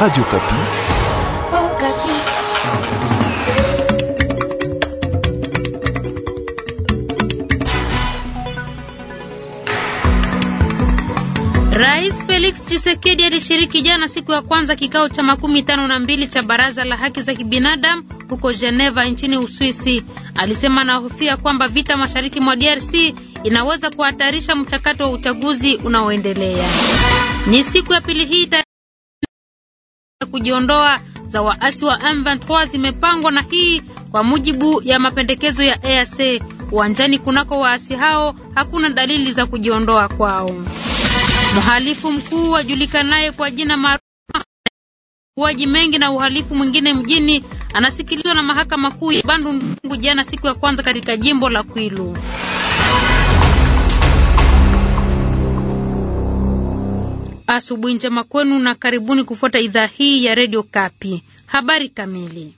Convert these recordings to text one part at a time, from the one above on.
Radio Kapi. Oh, Kapi. Rais Felix Tshisekedi alishiriki jana siku ya kwanza kikao cha makumi tano na mbili cha Baraza la Haki za Kibinadamu huko Geneva nchini Uswisi. Alisema anahofia kwamba vita mashariki mwa DRC inaweza kuhatarisha mchakato wa uchaguzi unaoendelea. Ni siku ya pili hii kujiondoa za waasi wa M23 zimepangwa na hii kwa mujibu ya mapendekezo ya EAC. Uwanjani kunako waasi hao hakuna dalili za kujiondoa kwao. Mhalifu mkuu ajulikanaye kwa jina maarufu mengi na uhalifu mwingine mjini anasikiliwa na mahakama kuu ya Bandundu jana siku ya kwanza katika jimbo la Kwilu. Asubuhi njema kwenu na karibuni kufuata idhaa hii ya Radio Kapi. Habari kamili.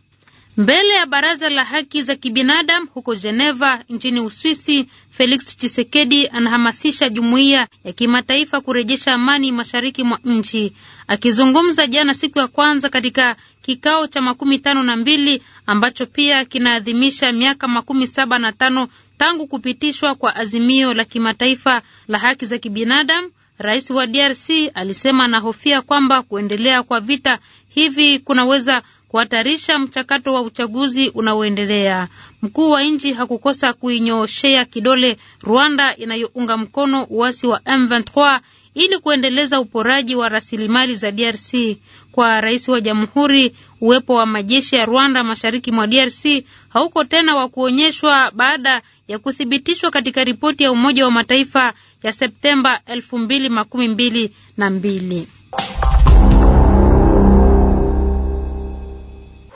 Mbele ya Baraza la Haki za Kibinadamu huko Geneva nchini Uswisi, Felix Tshisekedi anahamasisha jumuiya ya kimataifa kurejesha amani mashariki mwa nchi. Akizungumza jana siku ya kwanza katika kikao cha makumi tano na mbili ambacho pia kinaadhimisha miaka makumi saba na tano tangu kupitishwa kwa azimio la kimataifa la haki za kibinadamu, Rais wa DRC alisema anahofia kwamba kuendelea kwa vita hivi kunaweza kuhatarisha mchakato wa uchaguzi unaoendelea. Mkuu wa nchi hakukosa kuinyooshea kidole Rwanda inayounga mkono uasi wa M23 ili kuendeleza uporaji wa rasilimali za DRC. Kwa rais wa jamhuri, uwepo wa majeshi ya Rwanda mashariki mwa DRC hauko tena wa kuonyeshwa baada ya kuthibitishwa katika ripoti ya Umoja wa Mataifa ya Septemba elfu mbili makumi mbili na mbili.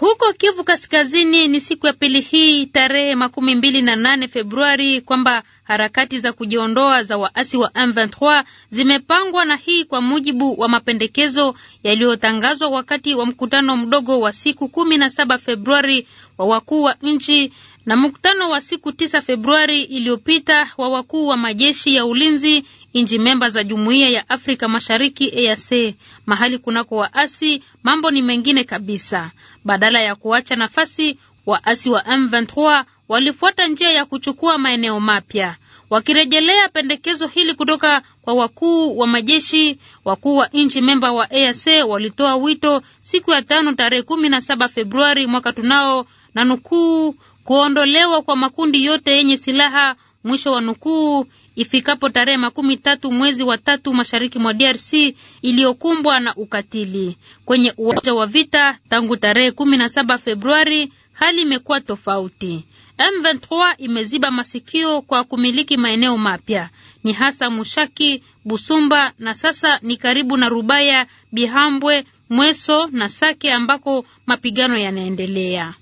Huko Kivu Kaskazini ni siku ya pili hii tarehe makumi mbili na nane Februari kwamba harakati za kujiondoa za waasi wa M23 zimepangwa na hii kwa mujibu wa mapendekezo yaliyotangazwa wakati wa mkutano mdogo wa siku kumi na saba Februari wa wakuu wa nchi na mkutano wa siku tisa Februari iliyopita wa wakuu wa majeshi ya ulinzi nchi memba za Jumuiya ya Afrika Mashariki EAC mahali kunako waasi, mambo ni mengine kabisa. Badala ya kuacha nafasi, waasi wa M23 walifuata njia ya kuchukua maeneo mapya. Wakirejelea pendekezo hili kutoka kwa wakuu wa majeshi, wakuu wa nchi memba wa EAC walitoa wito siku ya tano tarehe kumi na saba Februari mwaka tunao na nukuu, kuondolewa kwa makundi yote yenye silaha mwisho wa nukuu, ifikapo tarehe makumi tatu mwezi wa tatu mashariki mwa DRC iliyokumbwa na ukatili kwenye uwanja wa vita. Tangu tarehe kumi na saba Februari hali imekuwa tofauti. M23 imeziba masikio kwa kumiliki maeneo mapya, ni hasa Mushaki, Busumba na sasa ni karibu na Rubaya, Bihambwe, Mweso na Sake ambako mapigano yanaendelea.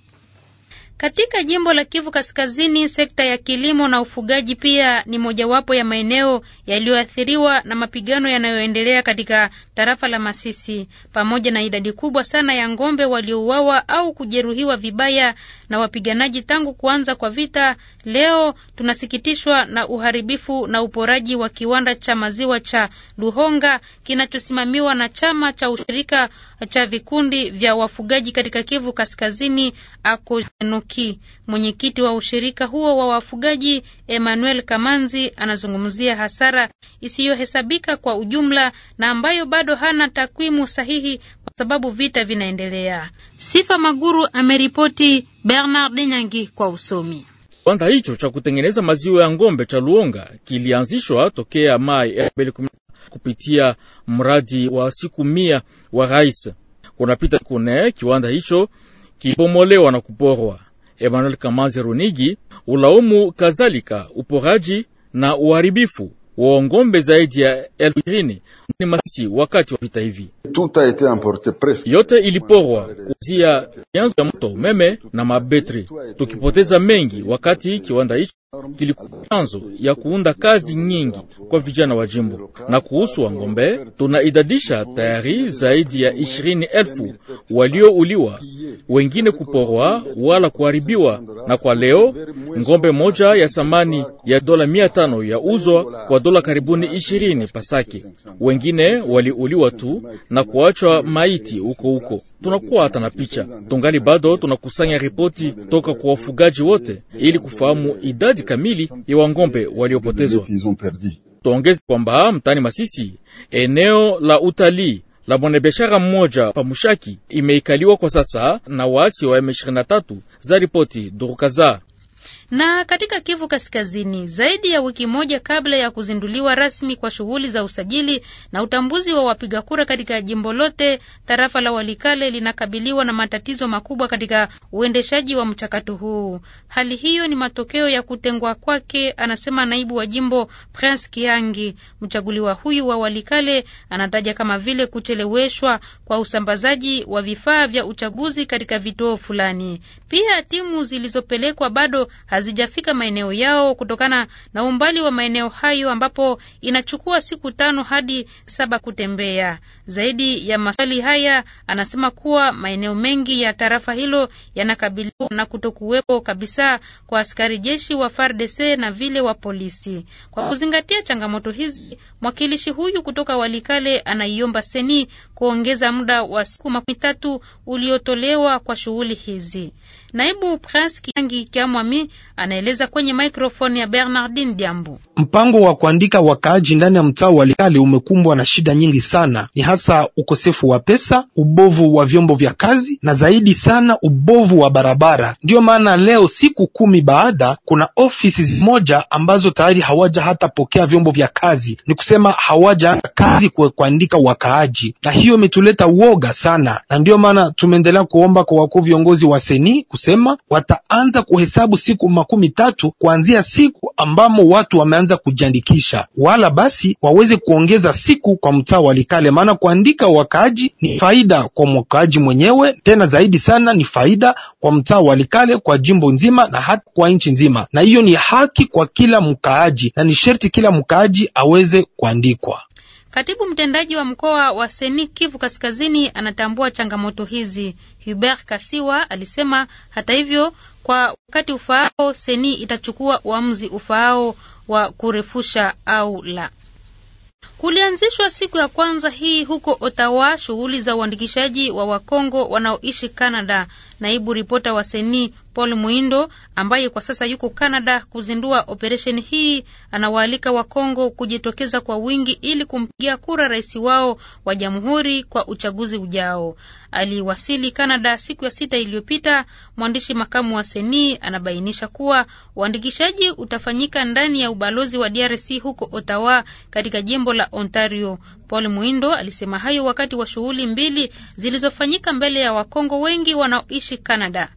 Katika jimbo la Kivu Kaskazini, sekta ya kilimo na ufugaji pia ni mojawapo ya maeneo yaliyoathiriwa na mapigano yanayoendelea katika tarafa la Masisi, pamoja na idadi kubwa sana ya ng'ombe waliouawa au kujeruhiwa vibaya na wapiganaji tangu kuanza kwa vita. Leo tunasikitishwa na uharibifu na uporaji wa kiwanda cha maziwa cha Luhonga kinachosimamiwa na chama cha ushirika cha vikundi vya wafugaji katika Kivu Kaskazini ako Nyamuki. Mwenyekiti wa ushirika huo wa wafugaji Emmanuel Kamanzi anazungumzia hasara isiyohesabika kwa ujumla na ambayo bado hana takwimu sahihi kwa sababu vita vinaendelea. Sifa Maguru ameripoti, Bernard Nyangi kwa usomi. Kiwanda hicho cha kutengeneza maziwa ya ng'ombe cha Luonga kilianzishwa tokea Mai kupitia mradi wa siku mia wa rais. Kunapita kune kiwanda hicho kibomolewa na kuporwa. Emmanuel Kamanzi Runigi ulaumu kadhalika uporaji na uharibifu wa ng'ombe zaidi ya elfu ishirini ni Masisi wakati wa vita hivi. Yote iliporwa kuzia vyanzo vya moto, umeme na mabetri, tukipoteza mengi wakati kiwanda hicho kilikuwa chanzo ya kuunda kazi nyingi kwa vijana wa jimbo. Na kuhusu ngombe tunaidadisha tayari zaidi ya ishirini elfu waliouliwa, wengine kuporwa wala kuharibiwa. Na kwa leo ngombe moja ya thamani ya dola mia tano ya uzwa kwa dola karibuni ishirini pasaki. Wengine waliuliwa tu na kuachwa maiti huko huko. Tunakuwa hata na picha, tungali bado tunakusanya ripoti toka kwa wafugaji wote ili kufahamu idadi kamili ya wangombe waliopotezwa. Tuongeze kwamba mtani Masisi eneo la utalii la mwanabiashara mmoja pamushaki imeikaliwa kwa sasa na waasi wa M23 za ripoti duru kadhaa. Na katika Kivu Kaskazini, zaidi ya wiki moja kabla ya kuzinduliwa rasmi kwa shughuli za usajili na utambuzi wa wapiga kura katika jimbo lote, tarafa la Walikale linakabiliwa na matatizo makubwa katika uendeshaji wa mchakato huu. Hali hiyo ni matokeo ya kutengwa kwake, anasema naibu wa jimbo Prince Kiangi. Mchaguliwa huyu wa Walikale anataja kama vile kucheleweshwa kwa usambazaji wa vifaa vya uchaguzi katika vituo fulani. Pia timu zilizopelekwa bado hazijafika maeneo yao kutokana na umbali wa maeneo hayo ambapo inachukua siku tano hadi saba kutembea. Zaidi ya maswali haya, anasema kuwa maeneo mengi ya tarafa hilo yanakabiliwa na kutokuwepo kabisa kwa askari jeshi wa FARDC na vile wa polisi. Kwa kuzingatia changamoto hizi, mwakilishi huyu kutoka Walikale anaiomba seni kuongeza muda wa siku makumi tatu uliotolewa kwa shughuli hizi. Naibu Prince Kiangi Kiamwami anaeleza kwenye mikrofoni ya Bernardine Diambu. Mpango wa kuandika wakaaji ndani ya mtaa wa Likale umekumbwa na shida nyingi sana, ni hasa ukosefu wa pesa, ubovu wa vyombo vya kazi na zaidi sana ubovu wa barabara. Ndiyo maana leo siku kumi baada, kuna ofisi moja ambazo tayari hawaja hata pokea vyombo vya kazi, ni kusema hawaja kazi kwa kuandika wakaaji, na hiyo imetuleta uoga sana, na ndiyo maana tumeendelea kuomba kwa wakuu viongozi wa seni kusema wataanza kuhesabu siku makumi tatu kuanzia siku ambamo watu wameanza kujiandikisha, wala basi waweze kuongeza siku kwa mtaa wa Likale, maana kuandika wakaaji ni faida kwa mwakaaji mwenyewe, tena zaidi sana ni faida kwa mtaa wa Likale, kwa jimbo nzima na hata kwa nchi nzima, na hiyo ni haki kwa kila mkaaji na ni sherti kila mkaaji aweze kuandikwa. Katibu mtendaji wa mkoa wa Seni Kivu Kaskazini anatambua changamoto hizi. Hubert Kasiwa alisema hata hivyo, kwa wakati ufaao Seni itachukua uamuzi ufaao wa kurefusha au la. Kulianzishwa siku ya kwanza hii huko Ottawa shughuli za uandikishaji wa Wakongo wanaoishi Canada. Naibu ripota wa Seni Paul Muindo, ambaye kwa sasa yuko Canada kuzindua operesheni hii, anawaalika Wakongo kujitokeza kwa wingi ili kumpigia kura rais wao wa jamhuri kwa uchaguzi ujao. Aliwasili Canada siku ya sita iliyopita. Mwandishi makamu wa Seni anabainisha kuwa uandikishaji utafanyika ndani ya ubalozi wa DRC huko Ottawa katika jimbo la Ontario. Paul Mwindo alisema hayo wakati wa shughuli mbili zilizofanyika mbele ya Wakongo wengi wanaoishi canada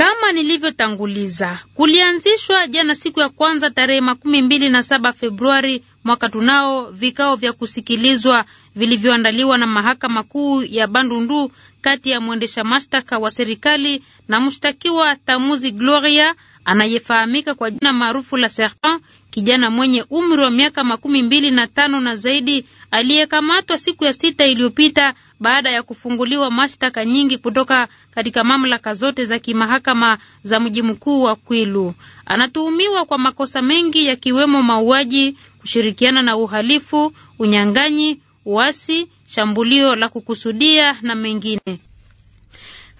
Kama nilivyotanguliza, kulianzishwa jana siku ya kwanza tarehe makumi mbili na saba Februari mwaka tunao vikao vya kusikilizwa vilivyoandaliwa na mahakama kuu ya Bandundu kati ya mwendesha mashtaka wa serikali na mshtakiwa Tamuzi Gloria anayefahamika kwa jina maarufu la Serpent kijana mwenye umri wa miaka makumi mbili na tano na zaidi aliyekamatwa siku ya sita iliyopita baada ya kufunguliwa mashtaka nyingi kutoka katika mamlaka zote za kimahakama za mji mkuu wa Kwilu. Anatuhumiwa kwa makosa mengi yakiwemo mauaji, kushirikiana na uhalifu, unyang'anyi, uasi, shambulio la kukusudia na mengine.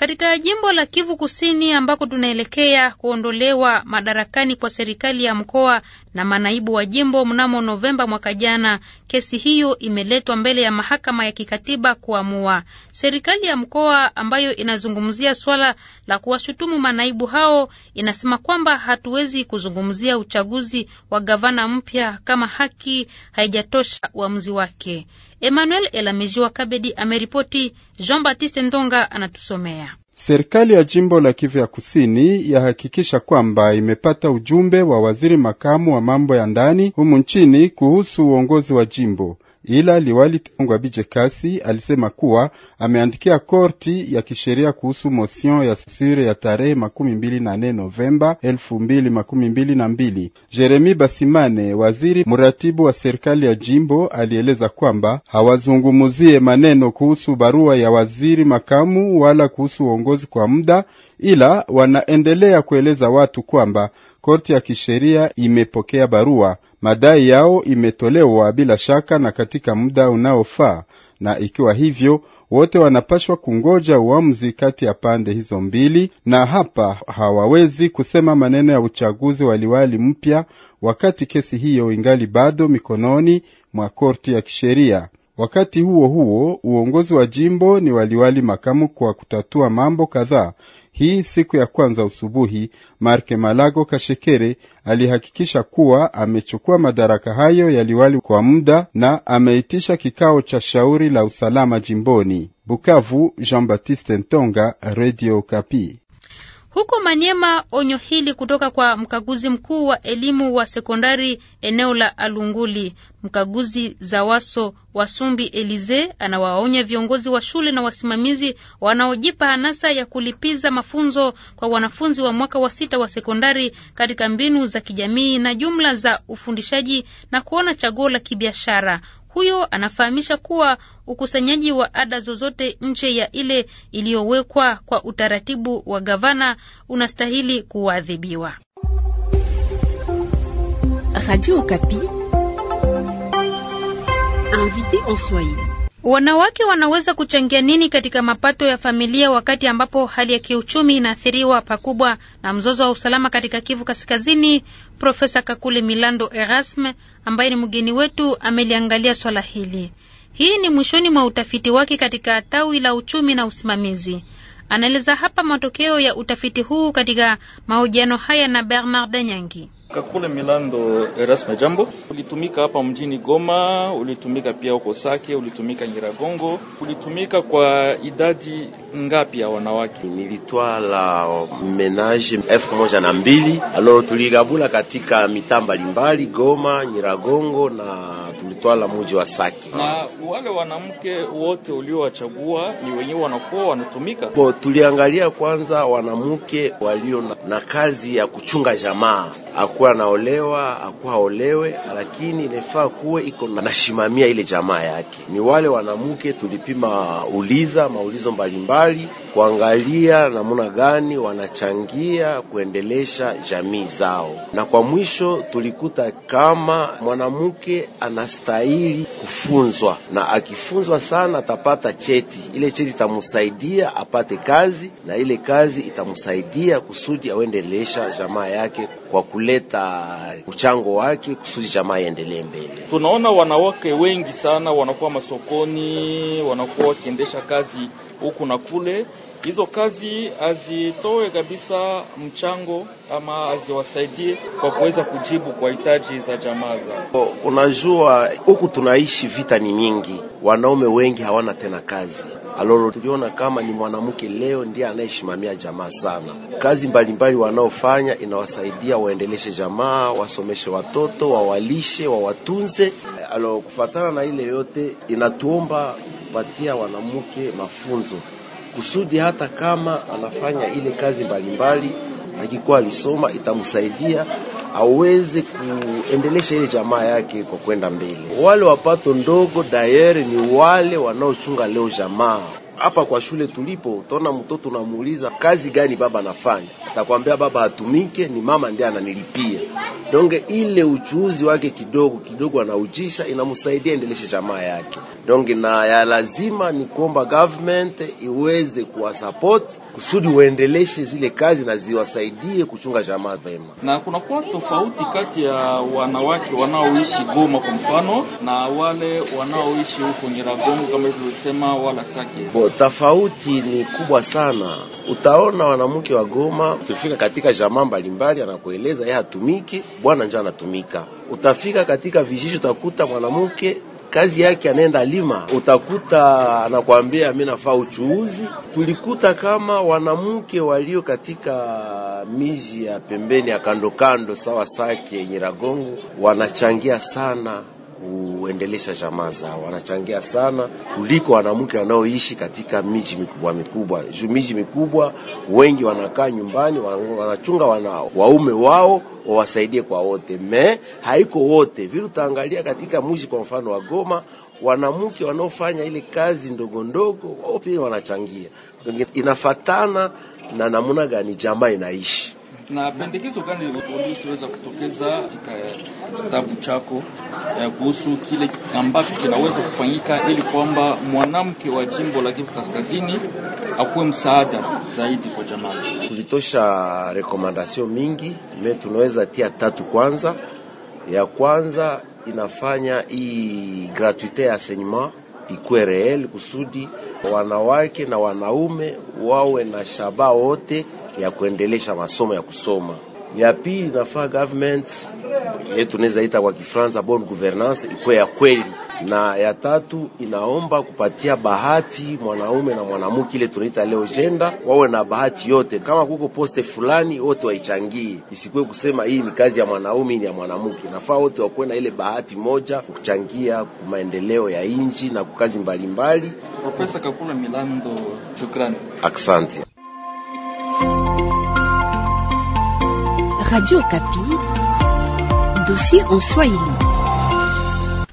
Katika jimbo la Kivu Kusini ambako tunaelekea kuondolewa madarakani kwa serikali ya mkoa na manaibu wa jimbo mnamo Novemba mwaka jana, kesi hiyo imeletwa mbele ya mahakama ya kikatiba kuamua. Serikali ya mkoa ambayo inazungumzia swala la kuwashutumu manaibu hao inasema kwamba hatuwezi kuzungumzia uchaguzi wa gavana mpya kama haki haijatosha uamuzi wake. Emmanuel Elamejiwa Kabedi ameripoti. Jean Baptiste Ndonga anatusomea. Serikali ya jimbo la Kivu ya Kusini yahakikisha kwamba imepata ujumbe wa waziri makamu wa mambo ya ndani humu nchini kuhusu uongozi wa jimbo ila liwali Bije Kasi alisema kuwa ameandikia korti ya kisheria kuhusu motion ya sensure ya tarehe makumi mbili na nne Novemba elfu mbili makumi mbili na mbili. Jeremi Basimane, waziri mratibu wa serikali ya jimbo, alieleza kwamba hawazungumuzie maneno kuhusu barua ya waziri makamu wala kuhusu uongozi kwa muda, ila wanaendelea kueleza watu kwamba korti ya kisheria imepokea barua. Madai yao imetolewa bila shaka na katika muda unaofaa, na ikiwa hivyo wote wanapashwa kungoja uamuzi kati ya pande hizo mbili, na hapa hawawezi kusema maneno ya uchaguzi wa liwali mpya wakati kesi hiyo ingali bado mikononi mwa korti ya kisheria. Wakati huo huo, uongozi wa jimbo ni waliwali makamu kwa kutatua mambo kadhaa hii siku ya kwanza usubuhi, Marke Malago Kashekere alihakikisha kuwa amechukua madaraka hayo ya liwali kwa muda na ameitisha kikao cha shauri la usalama jimboni Bukavu. Jean Baptiste Ntonga, Radio Kapi. Huko Manyema, onyo hili kutoka kwa mkaguzi mkuu wa elimu wa sekondari eneo la Alunguli, mkaguzi Zawaso Wasumbi Elize anawaonya viongozi wa shule na wasimamizi wanaojipa hanasa ya kulipiza mafunzo kwa wanafunzi wa mwaka wa sita wa sekondari katika mbinu za kijamii na jumla za ufundishaji na kuona chaguo la kibiashara. Huyo anafahamisha kuwa ukusanyaji wa ada zozote nje ya ile iliyowekwa kwa utaratibu wa gavana unastahili kuadhibiwa. Radio Okapi, invité en Swahili. Wanawake wanaweza kuchangia nini katika mapato ya familia wakati ambapo hali ya kiuchumi inaathiriwa pakubwa na mzozo wa usalama katika Kivu Kaskazini? Profesa Kakule Milando Erasme ambaye ni mgeni wetu ameliangalia swala hili. Hii ni mwishoni mwa utafiti wake katika tawi la uchumi na usimamizi. Anaeleza hapa matokeo ya utafiti huu katika mahojiano haya na Bernard Nyangi. Kakule Milando Erasme, eh, jambo. Ulitumika hapa mjini Goma, ulitumika pia huko Sake, ulitumika Nyiragongo, ulitumika kwa idadi ngapi ya wanawake? la menage elfu moja na mbili. Alo, tuligabula katika mitaa mbalimbali Goma, Nyiragongo na tulitwala muji wa Sake na wale wanamke wote uliowachagua ni wenyewe wanakuwa wanatumika po. Tuliangalia kwanza wanamke walio na, na kazi ya kuchunga jamaa, akuwa naolewa akuwa olewe, lakini inafaa kuwe iko nashimamia ile jamaa yake. Ni wale wanamke tulipima uliza maulizo mbalimbali kuangalia namna gani wanachangia kuendelesha jamii zao, na kwa mwisho tulikuta kama mwanamke ana anastahili kufunzwa, na akifunzwa sana atapata cheti. Ile cheti itamsaidia apate kazi, na ile kazi itamsaidia kusudi awendelesha jamaa yake kwa kuleta uchango wake kusudi jamaa iendelee mbele. Tunaona wanawake wengi sana wanakuwa masokoni, wanakuwa wakiendesha kazi huku na kule hizo kazi azitoe kabisa mchango ama aziwasaidie kwa kuweza kujibu kwa hitaji za jamaa zao. Unajua, huku tunaishi vita ni nyingi, wanaume wengi hawana tena kazi. Aloro tuliona kama ni mwanamke leo ndiye anayeshimamia jamaa sana. Kazi mbalimbali wanaofanya inawasaidia waendeleshe jamaa, wasomeshe watoto, wawalishe, wawatunze. Alo, kufatana na ile yote inatuomba kupatia wanamke mafunzo kusudi hata kama anafanya ile kazi mbalimbali, akikuwa alisoma itamsaidia aweze kuendelesha ile jamaa yake kwa kwenda mbele. Wale wapato ndogo dayere ni wale wanaochunga leo jamaa hapa kwa shule tulipo, utaona mtoto unamuuliza kazi gani baba anafanya, atakwambia baba atumike, ni mama ndiye ananilipia. Donge ile uchuuzi wake kidogo kidogo anaujisha, inamsaidia endeleshe jamaa yake. Donge na ya lazima ni kuomba government iweze kuwasupport kusudi uendeleshe zile kazi na ziwasaidie kuchunga jamaa vema. Na kuna kwa tofauti kati ya wanawake wanaoishi Goma kwa mfano na wale wanaoishi huko Nyiragongo kama ilivyosema wala Sake bo tofauti ni kubwa sana. Utaona wanamke wa Goma, ukifika katika jamaa mbalimbali, anakueleza yeye hatumiki, bwana njoo anatumika. Utafika katika vijiji, utakuta mwanamke kazi yake anaenda lima, utakuta anakuambia mi nafaa uchuuzi. Tulikuta kama wanamke walio katika miji ya pembeni ya kandokando sawa Sake, Nyiragongo, wanachangia sana kuendelesha jamaa zao, wanachangia sana kuliko wanamke wanaoishi katika miji mikubwa mikubwa. Juu miji mikubwa wengi wanakaa nyumbani, wanachunga wanao waume wao wawasaidie kwa wote, me haiko wote vile. Utaangalia katika mji kwa mfano wa Goma, wanamke wanaofanya ile kazi ndogo ndogo wao pia wanachangia, inafatana na namuna gani jamaa inaishi na pendekezo gani ulisiweza kutokeza katika eh, kitabu chako eh, kuhusu kile ambacho kinaweza kufanyika ili kwamba mwanamke wa jimbo la Kivu Kaskazini akuwe msaada zaidi kwa jamii? Tulitosha rekomandasio mingi me, tunaweza tia tatu. Kwanza ya kwanza inafanya hii gratuite ya enseignement ikuwe reel kusudi wanawake na wanaume wawe na shaba wote ya kuendelesha masomo ya kusoma. Ya pili nafaa government yetu naweza ita kwa Kifaransa bon governance ikuwe ya kweli, na ya tatu inaomba kupatia bahati mwanaume na mwanamke, ile tunaita leo jenda, wawe na bahati yote. Kama kuko poste fulani, wote waichangie, isikuwe kusema hii ni kazi ya mwanaume, ni ya mwanamke. Nafaa wote wakuwe na ile bahati moja kuchangia maendeleo ya nchi na kukazi mbalimbali. Profesa Kakula Milando, shukrani, asante. Radio Kapi, dossier en Swahili.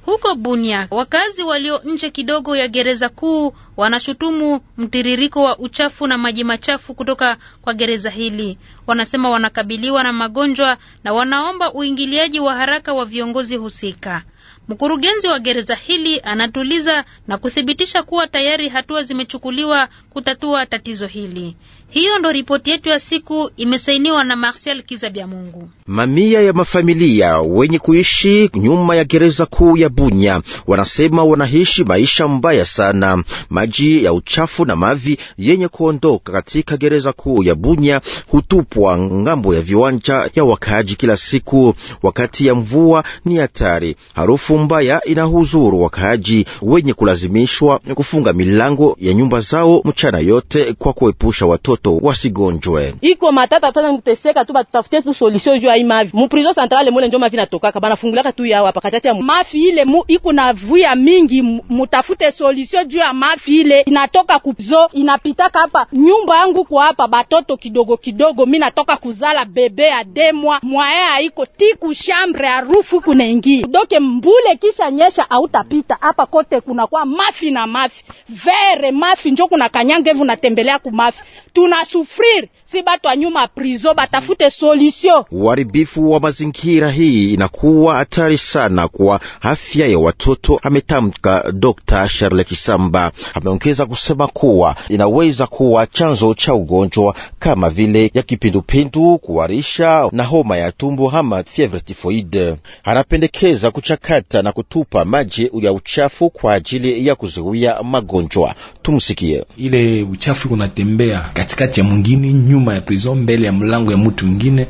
Huko Bunia, wakazi walio nje kidogo ya gereza kuu wanashutumu mtiririko wa uchafu na maji machafu kutoka kwa gereza hili. Wanasema wanakabiliwa na magonjwa na wanaomba uingiliaji wa haraka wa viongozi husika. Mkurugenzi wa gereza hili anatuliza na kuthibitisha kuwa tayari hatua zimechukuliwa kutatua tatizo hili. Hiyo ndo ripoti yetu ya siku imesainiwa na Marcel mungu Mamia ya mafamilia wenye kuishi nyuma ya gereza kuu ya Bunya wanasema wanaishi maisha mbaya sana. Maji ya uchafu na mavi yenye kuondoka katika gereza kuu ya Bunya hutupwa ngambo ya viwanja ya wakaaji kila siku. Wakati ya mvua ni hatari. Harufu mbaya inahuzuru wakaaji wenye kulazimishwa kufunga milango ya nyumba zao mchana yote kwa kuepusha watoto wasigonjwe. Iko matata tana niteseka tu batutafutie tu solution juu ya mavi. Mu prison centrale mole njoo mavi natokaka bana fungulaka tu yao hapa katati ya mafi ile mu, iko na vuya mingi mutafute solution juu ya mafi ile inatoka kuzo inapitaka hapa nyumba yangu kwa hapa batoto kidogo kidogo mimi natoka kuzala bebe ya demwa mwae haiko tiku shambre harufu kunaingia. Doke mbule ile kisha nyesha autapita hapa kote, kwa mafi na mafi vere mafi, njo kuna kanyangevu natembelea kumafi, tunasufrir si batwa nyuma prizo batafute solution. Uharibifu wa mazingira hii inakuwa hatari sana kwa afya ya watoto, ametamka Dr. Charles Kisamba. Ameongeza kusema kuwa inaweza kuwa chanzo cha ugonjwa kama vile ya kipindupindu, kuharisha na homa ya tumbo ama fievre tifoide Anapendekeza kuchakata na kutupa maji ya uchafu kwa ajili ya kuzuia magonjwa. Tumsikie. Ile uchafu kunatembea katikati ya mwingine nyuma ya prison, mbele ya mlango ya mtu mwingine,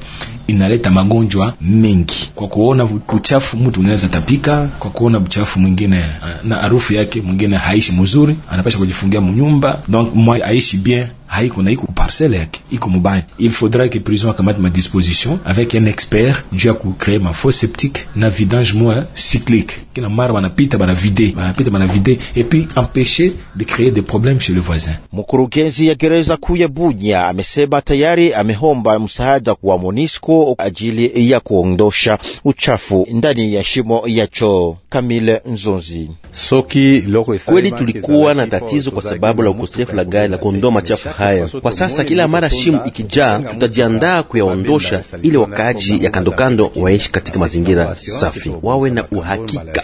inaleta magonjwa mengi. Kwa kuona uchafu mtu unaweza tapika, kwa kuona uchafu mwingine na harufu yake, mwingine haishi mzuri, anapasha kujifungia mnyumba, donc moi aishi bien haiko na iko parcelle yake iko mubaya. Il faudra que prison akamate ma disposition avec un expert juu créer ma mafo septique na vidange moi cyclique, kina mara wanapita banavide banapita banavide et puis empêcher de créer des problèmes chez le voisin. Mkurugenzi ya gereza kuu ya Bunya amesema tayari amehomba msaada kwa Monisco ajili ya kuondosha uchafu ndani ya shimo ya choo. Kamile Nzonzi: Soki loko kweli tulikuwa na tatizo kwa sababu la ukosefu la gari la kondoa machafu hayo. Kwa sasa kila mara shimu ikijaa, tutajiandaa kuyaondosha ili wakaaji ya kandokando waishi katika mazingira safi, wawe na uhakika.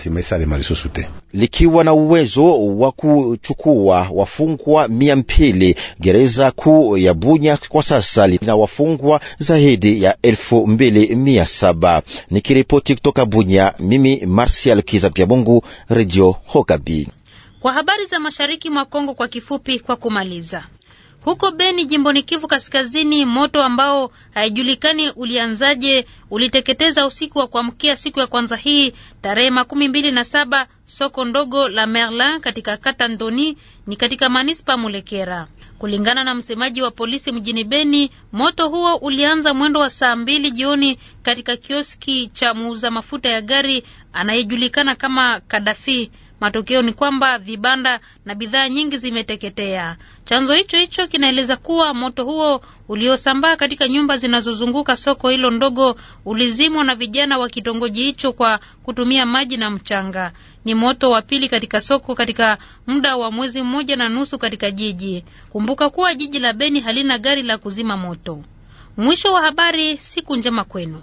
Likiwa na uwezo wa kuchukua wafungwa mia mbili, gereza kuu ya Bunya kwa sasa lina wafungwa zaidi ya elfu mbili mia saba. Nikiripoti kutoka Bunya, mimi Marsial Kizapia Mungu, Radio Hokabi. Kwa habari za mashariki mwa Kongo kwa kifupi, kwa kumaliza huko Beni jimboni Kivu Kaskazini, moto ambao haijulikani ulianzaje uliteketeza usiku wa kuamkia siku ya kwanza hii tarehe makumi mbili na saba soko ndogo la Merlin katika kata Ndoni ni katika manispa Mulekera. Kulingana na msemaji wa polisi mjini Beni, moto huo ulianza mwendo wa saa mbili jioni katika kioski cha muuza mafuta ya gari anayejulikana kama Kadafi. Matokeo ni kwamba vibanda na bidhaa nyingi zimeteketea. Chanzo hicho hicho kinaeleza kuwa moto huo uliosambaa katika nyumba zinazozunguka soko hilo ndogo ulizimwa na vijana wa kitongoji hicho kwa kutumia maji na mchanga. Ni moto wa pili katika soko katika muda wa mwezi mmoja na nusu katika jiji. Kumbuka kuwa jiji la Beni halina gari la kuzima moto. Mwisho wa habari. Siku njema kwenu.